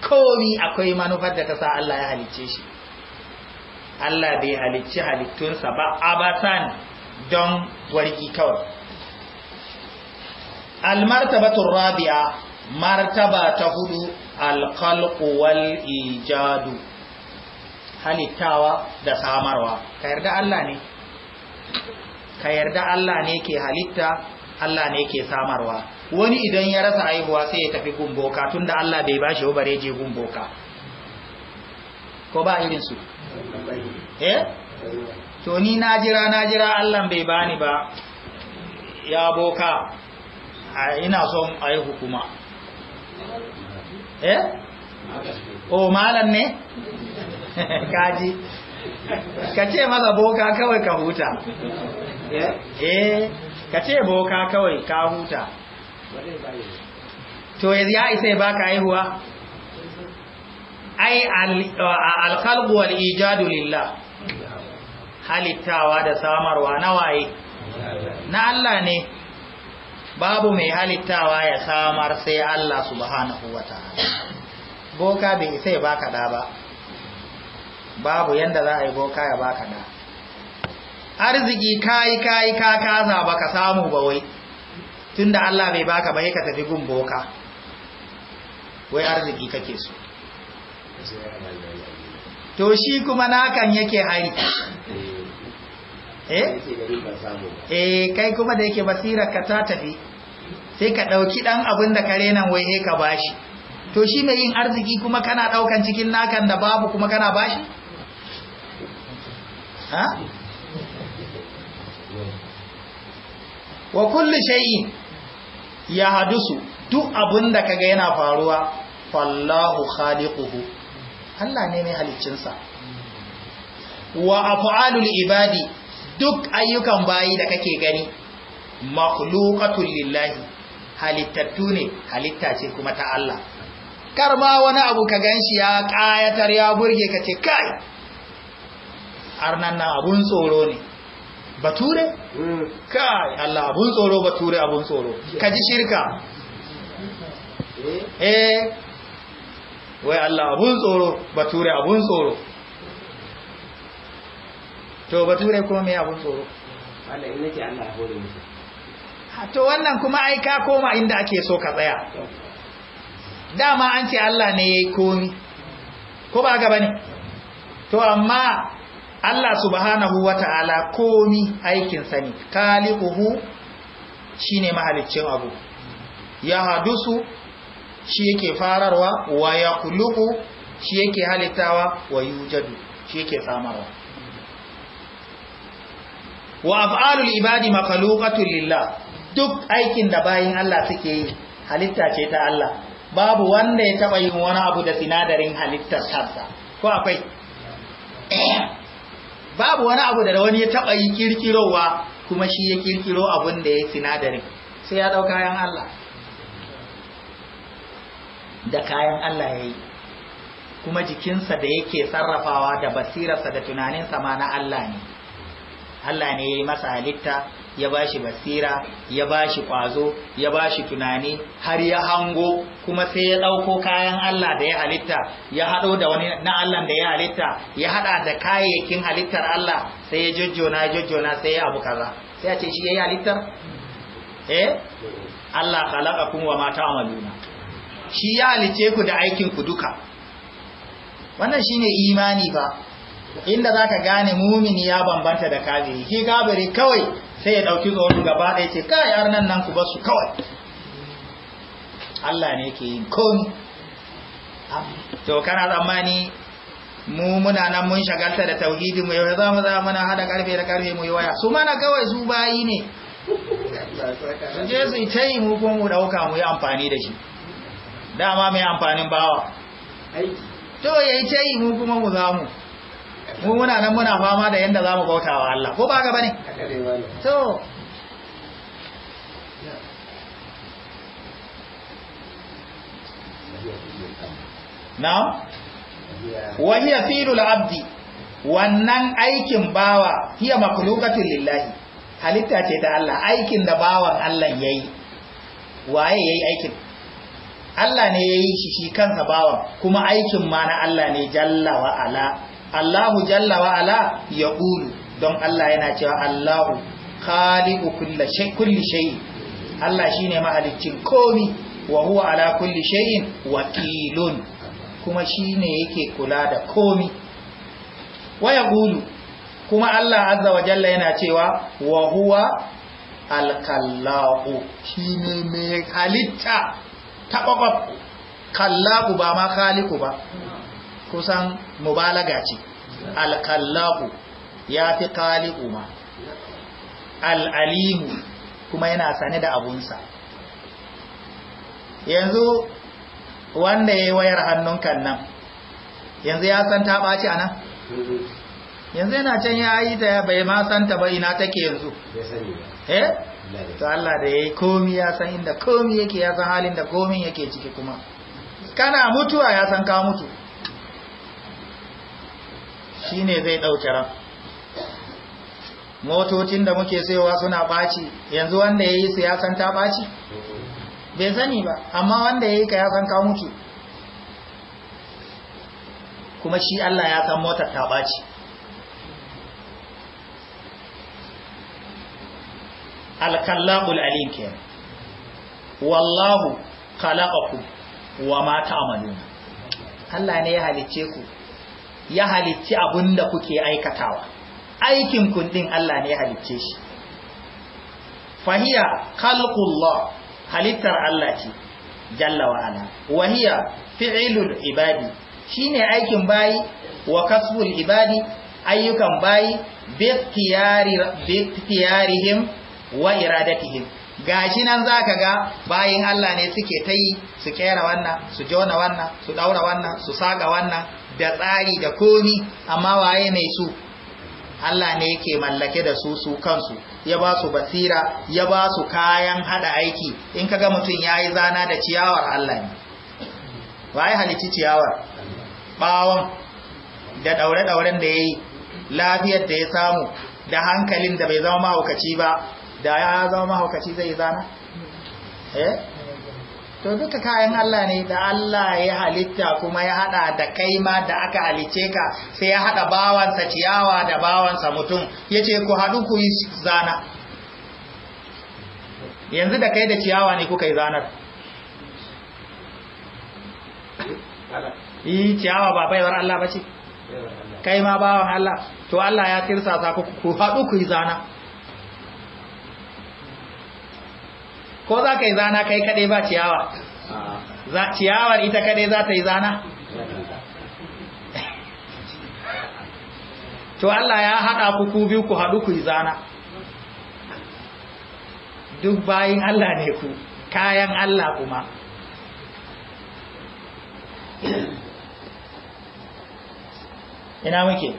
komi akwai manufar da ta sa Allah ya halicce shi Allah bai halicci halittunsa ba basan don warki kawai almartabatur rabi'a martaba ta hudu Alkalkuwal ijadu halittawa da samarwa ka yarda Allah ne ka yarda Allah ne ke halitta Allah ne ke samarwa wani idan ya rasa aihuwa sai ya tafi gumboka tunda Allah bai bashi ba bare je gumboka ko ba irin su eh to ni na jira na jira Allah bai bani ba ya boka ina son aihu kuma eh o malan ne kaji ka ce masa boka kawai ka huta eh, eh. ka ce boka kawai ka huta to yanzu ya isa ba ka haihuwa ai alkhalqu wal ijadu lillah halittawa da samarwa na waye na Allah ne babu mai halittawa ya samar sai Allah subhanahu wataala boka bai isa baka da ba babu yadda za a yi boka ya baka da arziki kayi kayi ka ba baka samu ba wai tunda Allah bai baka ba ka tafi gun boka wai arziki kake so to shi kuma nakan yake hari eh eh kai kuma da yake basira ka ta tafi sai ka dauki dan abin da kare nan wai eh ka bashi to shi mai yin arziki kuma kana daukan cikin nakan da babu kuma kana bashi ha wa kullu shay'in ya hadusu duk abin da kaga yana faruwa fallahu khaliquhu Allah ne mai haliccinsa wa af'alul ibadi duk ayyukan bayi da kake gani makhluqatul lillahi halittattu ne halitta ce kuma ta Allah kar ma wani abu ka ganshi ya kayatar ya burge ka ce kai arnan nan abun tsoro ne bature hmm. kai Allah abun tsoro bature abun tsoro kaji shirka eh? eh wai Allah abun tsoro bature abun tsoro to bature kuma me abun tsoro Allah in nake Allah hore ha to wannan kuma ai ka koma inda ake so ka tsaya dama an ce Allah ne yayi komi ko ba ga bane to amma Allah subhanahu wa ta'ala komi aikinsa ne, kalikuhu shi ne mahaliccin abu, ya hadusu shi yake fararwa, wa ya kuluku shi yake halittawa, wa yujadu shi yake samarwa. Wa af'alul ibadi makalukatun lillah duk aikin da bayin Allah suke yi, halitta ce ta Allah, babu wanda ya taɓa yin wani abu da sinadarin halittar sarsa, ko akwai? babu wani abu da wani ya taba yi kirkirowa kuma shi ya kirkiro abun da ya sinadarin sai ya dau kayan Allah da kayan Allah ya yi. kuma jikinsa da yake sarrafawa da basirarsa da tunaninsa ma na Allah ne Allah ne ya yi masa halitta ya ba shi basira ya ba shi ƙwazo, ya ba shi tunani har ya hango kuma sai ya ɗauko kayan Allah da ya halitta ya haɗo da wani na Allah da ya halitta ya haɗa da kayayyakin halittar Allah sai ya jojjona jojjona sai ya abu kaza sai a ce shi yayi halittar eh Allah kun wa ma ta'maluna shi ya halice ku da aikin ku duka wannan shine imani ba inda za ka gane mumini ya bambanta da kafiri shi kafiri kawai sai ya ɗauki tsoron gaba da ya ce ka yar nan ku basu kawai Allah ne ke yin komi to kana tsammani mu muna nan mun shagalta da tauhidi mu yau za mu za muna hada karfe da karfe mu yi waya su mana kawai su bayi ne su je su ta yi mu kuma mu ɗauka mu yi amfani da shi dama mai amfanin bawa to ya yi ta yi mu kuma mu za mu mu muna nan muna fama da yanda mu bauta wa Allah ko ba ga bane so na'am wa hiya filul abdi wannan aikin bawa hiya makhluqatul lillahi halitta ce ta Allah aikin da bawan Allah yayi waye yayi aikin Allah ne yayi shi shi kansa bawan kuma aikin ma na Allah ne jalla wa ala Allahu jalla wa ala ya ƙulu don Allah yana cewa Allahu khaliqu kulli kulli Allah shine mahaliccin komi wa huwa ala kulli shay'in wakilun kuma shine yake kula da komi wa Ya-ƙulu kuma Allah azza wa jalla yana cewa wa huwa alkallahu shine mai halitta ta babab kallahu ba ma Khaliku ba kusan mubalaga ce alkallaku ya fi kaliku ma al'alimu kuma yana sane da abunsa yanzu wanda ya yi wayar hannun kan nan yanzu ya san ta ɓaci a nan yanzu yana can ya yi ta bai ma ta ba ina take yanzu eh to Allah da ya yi komi ya san inda komi yake ya san halin da komin yake ciki kuma kana mutuwa ya san ka mutu shine zai ɗauki ran motocin da muke sayowa suna ɓaci yanzu wanda ya yi su ya san ta ɓaci bai sani ba amma wanda ya yi ka ya san ka mutu kuma shi Allah ya san motar ta ɓaci alkallabul alim ke wallahu kalaɓaku wa mata ta'maluna Allah ne ya halicce ku ya halicci abin da kuke aikatawa aikin kundin Allah ne ya halicce shi fahiya khalqullah halittar Allah ce jalla wa ala wahiya fi'lul ibadi shine aikin bayi wa kasbul ibadi ayyukan bayi bi ikhtiyarihim wa iradatihim gashi nan zaka ga bayin Allah ne suke ta su kera wannan su jona wannan su daura wannan su saka wannan da tsari da komi amma waye mai su Allah ne yake mallake da su su kansu ya ba su basira ya ba su kayan hada aiki in kaga mutum yi zana da ciyawar Allah ne waye halici ciyawar bawon da daure-dauren da yayi lafiyar da ya samu da hankalin da bai zama mahaukaci ba da ya zama mahaukaci zai zana eh to duka kayan Allah ne da Allah ya halitta kuma ya hada da kai ma da aka halice ka sai ya hada bawansa ciyawa da bawansa mutum yace ku hadu ku yi zana yanzu da kai da ciyawa ne kuka yi zanar yi ciyawa ba baiwar Allah ba ce kai ma bawan Allah to Allah ya tirsa ku ku hadu ku yi zana ko za ka yi zana kai kaɗai ba ciyawa ciyawar ita kaɗai za ta yi zana to Allah ya haɗa ku ku biyu ku haɗu ku yi zana duk bayin Allah ne ku kayan Allah kuma ina muke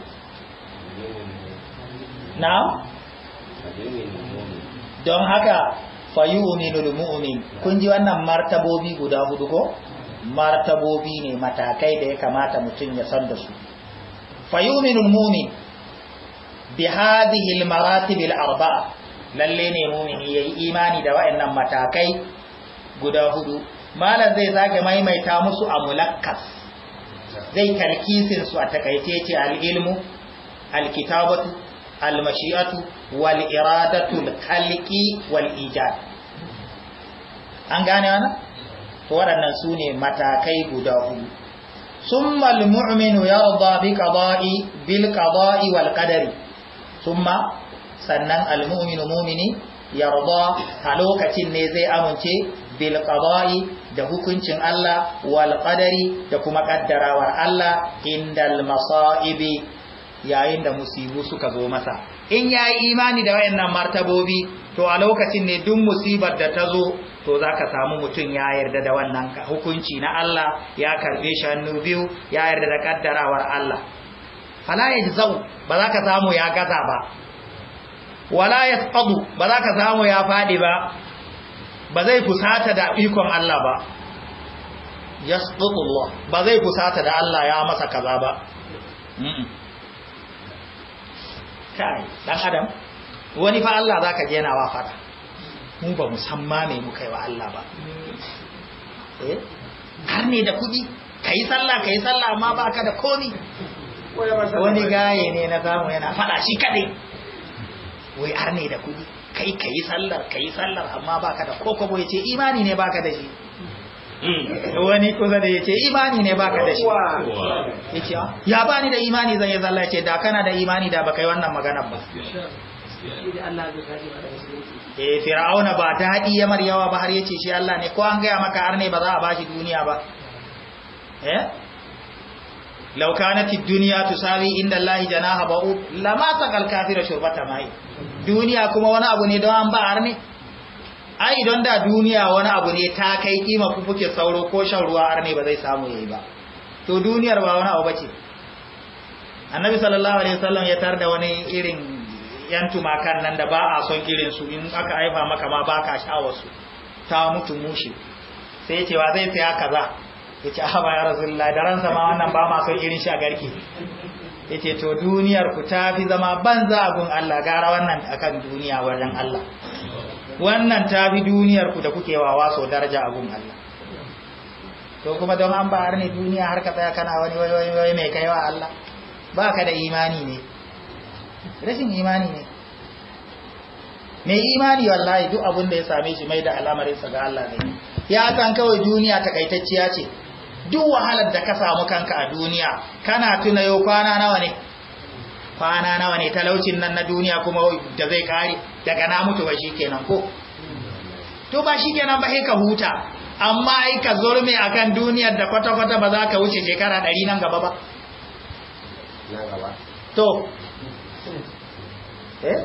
na don haka fa yu'minul kun ji wannan martabobi guda hudu ko martabobi ne matakai da ya kamata mutum ya san da su fa yu'minul mu'min bi hadhihi al maratib arba'a lalle ne mu'mini yayi imani da wa'annan matakai guda hudu malam zai zage maimaita musu a mulakkas zai karkisin su a takaice ce al ilmu al kitabatu almashi'atu wal iradatul khalqi wal ijad an gane wannan to waɗannan sune matakai guda hudu summa al mu'minu yarda bi qada'i bil qada'i wal qadari summa sannan al mu'minu mu'mini yarda a lokacin ne zai amince bil qada'i da hukuncin Allah wal qadari da kuma kaddarawar Allah indal masa'ibi yayin da musibu suka zo masa in ya yi imani da wayannan martabobi to a lokacin ne duk musibar da ta zo to za ka samu mutum ya yarda da wannan hukunci na Allah ya karbe shi hannu biyu ya yarda da kaddarawar Allah fala yajzau ba za ka samu ya gaza ba wala yasqadu ba za ka samu ya fadi ba ba zai fusata da ikon Allah ba Allah ba zai fusata da Allah ya masa kaza ba kai dan adam wani fa Allah zaka je yana wa fara mu ba musamma ne mu kai wa Allah ba eh har ne da kudi kai sallah kai sallah amma ba ka da komi wani gaye ne na zamu yana fada shi kadai wai har ne da kudi kai kai sallar kai sallar amma ba ka da koko kokobo yace imani ne ba ka da shi Eh, wani kusa da ya ce imani ne baka da shi ah, ya ba ni bani da imani zan yi zalla ce da kana da imani da baka yi wannan magana ba e fir'auna ba ta haɗi ya maryawa ba har ya ce shi Allah ne ko an gaya maka har ne ba za a bashi duniya ba eh law kanat duniya dunya tusawi inda Allah janaha ba'u lama taqal kafira shurbata mai duniya kuma wani abu ne don an ba har ne ai idan da duniya wani abu ne ta kai kima kuke sauro ko shan ruwa har ne ba zai samu yayi ba to duniyar ba wani abu bace annabi sallallahu alaihi wasallam ya tarda wani irin yan tumakan nan da ba a son irin su in aka haifa maka ma baka sha'awar su ta mutu mushi sai ce wa zai tsaya kaza ya ce ahaba ya rasulullahi da ransa ma wannan ba ma son irin shi a garki ce to duniyar ku ta fi zama banza gun Allah gara wannan akan duniya wajen Allah wannan ta fi duniyarku da kuke wawa so daraja abun Allah to kuma don an ba har ne duniya har ka tsaya kana wani wai wai mai kaiwa Allah ba ka da imani ne rashin imani ne mai imani wallahi duk abun da ya same shi mai da alamarinsa ga Allah ne ya san kawai duniya takaitacciya ce duk wahalar da ka samu kanka a duniya kana tuna yau kwana nawa ne kwana nawa ne talaucin nan na duniya kuma da zai kare daga na mutu ba kenan ko to ba shi kenan ba sai ka huta amma ai ka zurme akan duniyar da kwata kwata ba za ka wuce shekara 100 nan gaba ba to eh?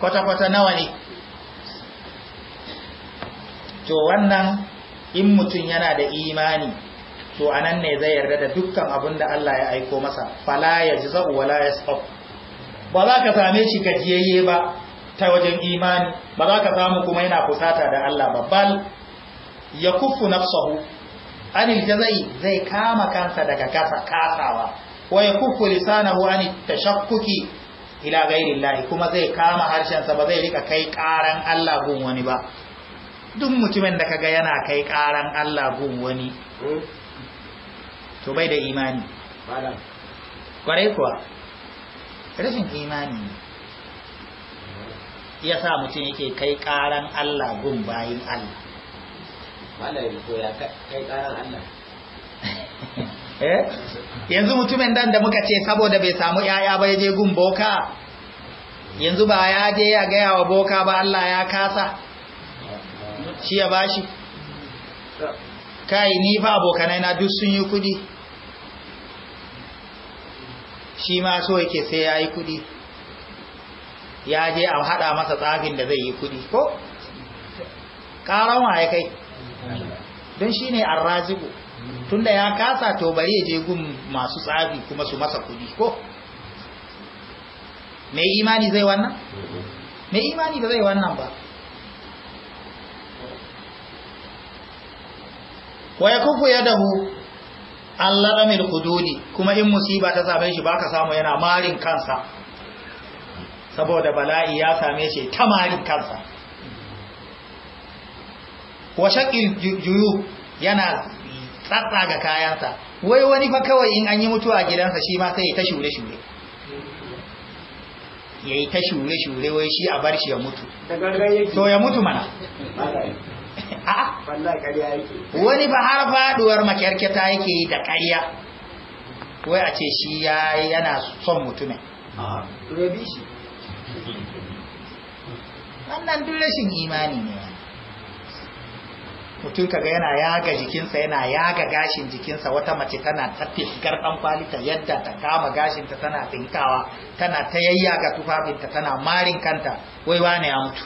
kwata kwata nawa ne to wannan in mutum yana da imani to anan ne zai yarda da dukkan abin da Allah ya aiko masa fala yajza'u wala yas'ab ba za ka same shi gajiyayye ba ta wajen imani ba za ka samu kuma yana fusata da Allah ba bal ya kufu nafsahu anil jazai zai kama kansa daga kasa kasawa wa ya kufu lisanahu anit tashakkuki ila ghairillahi kuma zai kama harshensa ba zai rika kai karan Allah gun wani ba duk mutumin da kaga yana kai karan Allah gun wani hmm? to bai da imani kwarai kuwa rashin imani ne ya sa mutum yake kai ƙaran Allah gun bayin Allah malami ko ya kai Allah eh yanzu mutumin dan da muka ce saboda bai samu yaya ba ya je gun boka yanzu ba ya je ya gaya wa boka ba Allah ya kasa shi ya bashi kai ni fa abokanai na duk sun yi kudi shi ma so yake sai ya yi kudi ya je a hada masa tsafin da zai yi kuɗi ko karawa ya kai don shi ne arraziku tunda ya kasa to bari ya je gun masu tsafi kuma su masa kuɗi ko mai imani zai wannan mai imani da zai wannan ba waya kuku ya dahu an laɗa kududi kuma in musiba ta same shi ba ka samu yana marin kansa saboda bala'i ya same shi ta tamarin kansa wa shaqil juyu yana ga kayansa wai wani fa kawai in an yi mutuwa a gidansa shi ma sai ya ta shure-shure ya yi ta shure-shure wai shi a bar shi ya mutu to ya mutu mana wani ba har faduwar makyarketa yake yi da ƙarya wai a ce shi ya yana son mutumin wannan duk rashin imani ne mutum kaga yana yaga jikinsa yana yaga gashin jikinsa wata mace tana ta fiskar dan kwalita yadda ta kama gashinta tana tsinkawa tana ta yayyaga tufafinta tana marin kanta wai wane ya mutu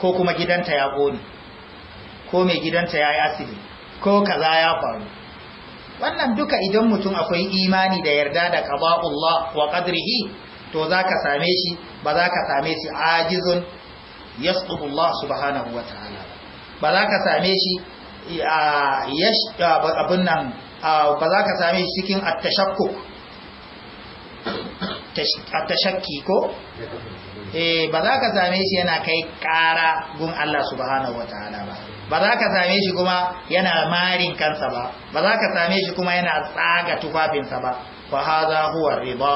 ko kuma gidanta ya ƙone ko mai gidanta ya yi asiri ko kaza ya faru wannan duka idan mutum akwai imani da yarda da ƙaba'ullah wa ƙadrihi to za ka same shi ba za ka same shi ajizun yasqutu Allah subhanahu wa ta'ala ba za ka same shi abin nan ba za ka same shi cikin at-tashakkuk tashakki ko eh ba za ka same shi yana kai ƙara gun Allah subhanahu wa ta'ala ba ba za ka same shi kuma yana marin kansa ba ba za ka same shi kuma yana tsaga tufafinsa ba fa hadha huwa ridha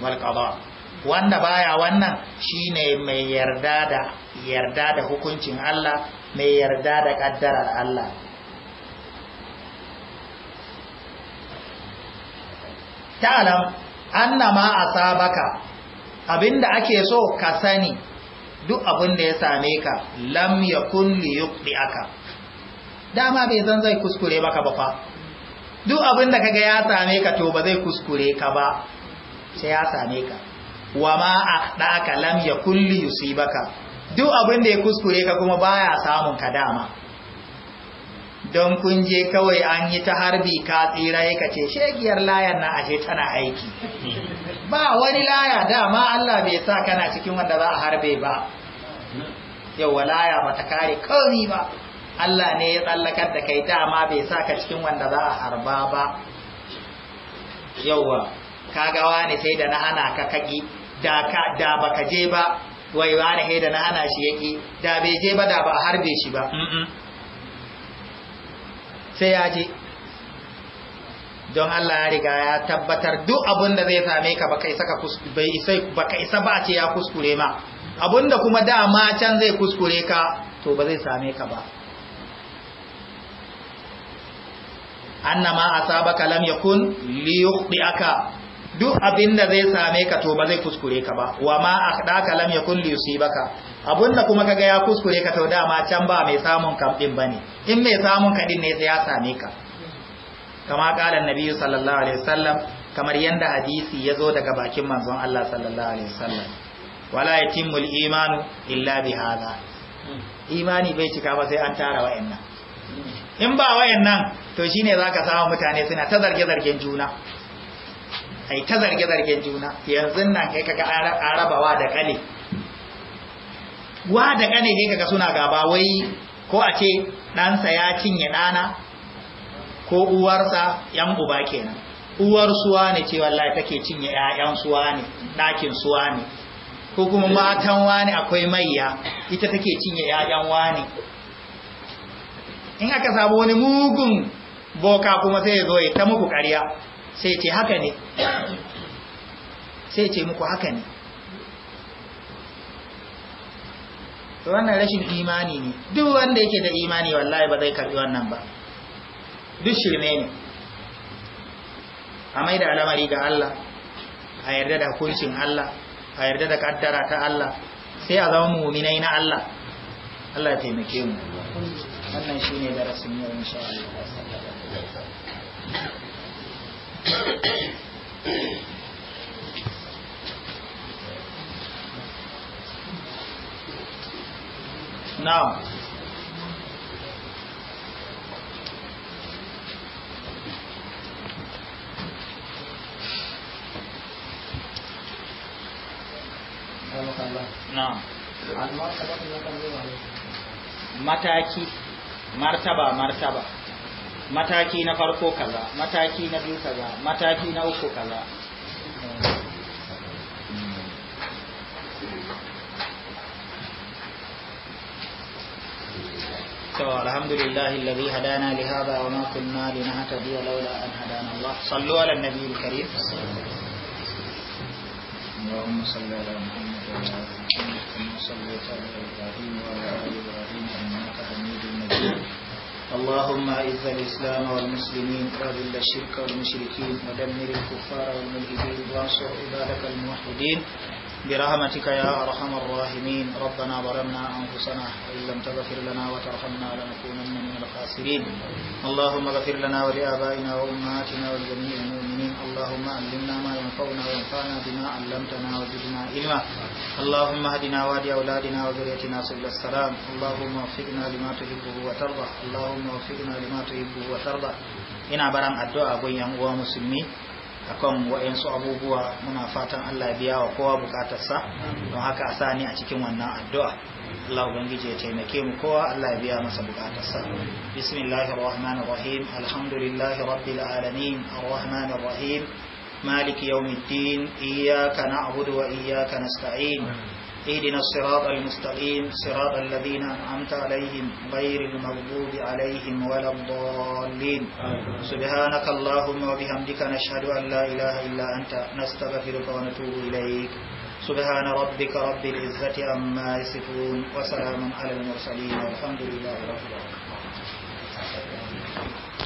wal qada wanda baya wannan shine mai yarda da yarda da hukuncin Allah mai yarda da kaddarar Allah ta'alam annama asabaka abinda ake so ka sani duk abinda ya same ka lam yakun liyuqdiaka dama bai zan zai kuskure maka ba fa duk abinda kaga ya same ka to ba zai kuskure ka ba sai ya same ka wa ma akhdaka lam kulli yusibaka duk abin da ya kuskure ka kuma baya samun ka dama don kun je kawai an yi ta harbi ka tsira ya kace shegiyar layan na ashe tana aiki ba wani laya dama Allah bai sa kana cikin wanda za a harbe ba yau laya ba ta kare kawai ba Allah ne ya tsallakar da kai dama bai sa ka cikin wanda za a harba ba yauwa kagawa ne sai da na hana ka kagi da ka baka je ba wai wani he da na hana shi yake da bai je ba da ba a harbe shi ba sai ya je don Allah ya riga ya tabbatar duk abin zai same ka baka isa bai ba ce ya kuskure ma abinda kuma dama can zai kuskure ka to ba zai same ka ba annama asabaka lam yakun aka. duk abin da zai same ka to ba zai kuskure ka ba wa ma akhdaka lam yakun li yusibaka abunda kuma kaga ya kuskure ka to dama can ba mai samun ka din bane in mai samun ka din ne sai ya same ka kama kala Nabiyyu sallallahu alaihi wasallam kamar yanda hadisi yazo daga bakin manzon Allah sallallahu alaihi wasallam wala yatimul imanu illa hada imani bai cika ba sai an tara wayannan in ba wayannan nan to shine zaka samu mutane suna ta zarge-zargen juna ai ta zarge-zargen juna yanzu nan kai kaga arabawa da kane wa da kane kai kaga suna gaba wai ko a ce ɗansa ya cinye ɗana ko uwarsa yan uba kenan uwar suwa ne ce wallahi take cinye ƴaƴan suwa ne ɗakin suwa ne ko kuma matan wani akwai maiya ita take cinye ƴaƴan wani in aka samu wani mugun boka kuma sai ya zo ya ta muku ƙarya sai ce haka ne sai ce muku haka ne wannan rashin imani ne duk wanda yake da imani wallahi ba zai karbi wannan ba duk shirme ne a mai da alamari ga Allah a yarda da kuncin Allah a yarda da kaddara ta Allah sai a zama muminai na Allah Allah ya taimake mu wannan shine darasin yau insha Allah mataki martaba martaba mataki na farko kaza mataki na biyu kaza mataki na uku kaza تو الحمد لله الذي هدانا لهذا وما كنا لنهتدي لولا أن هدانا الله صلوا على النبي الكريم اللهم صل على محمد وعلى آل محمد كما صليت على إبراهيم وعلى آل إبراهيم إنك حميد مجيد اللهم اعز الاسلام والمسلمين واذل الشرك والمشركين ودمر الكفار والملحدين وانصر عبادك الموحدين برحمتك يا أرحم الراحمين ربنا ظلمنا أنفسنا وإن لم تغفر لنا وترحمنا لنكونن من الخاسرين اللهم اغفر لنا ولآبائنا وأمهاتنا ولجميع المؤمنين اللهم علمنا ما ينفعنا وانفعنا بما علمتنا وزدنا علما اللهم اهدنا وادي أولادنا وذريتنا سبل السلام اللهم وفقنا لما تحبه وترضى اللهم وفقنا لما تحبه وترضى ina baran addu'a gun yan uwa musulmi akan waɗansu abubuwa muna fatan Allah biya wa kowa bukatarsa don haka a sani a cikin wannan addu'a Allah ubangiji ya taimake mu kowa Allah ya biya masa bukatarsa bismillahir rahmanir rahim alhamdulillahi rabbil alamin arrahmanir rahim maliki yawmiddin iyyaka na'budu wa iyyaka nasta'in اهدنا الصراط المستقيم صراط الذين أنعمت عليهم غير المغضوب عليهم ولا الضالين سبحانك اللهم وبحمدك نشهد أن لا إله إلا أنت نستغفرك ونتوب إليك سبحان ربك رب العزة عما يصفون وسلام على المرسلين والحمد لله رب العالمين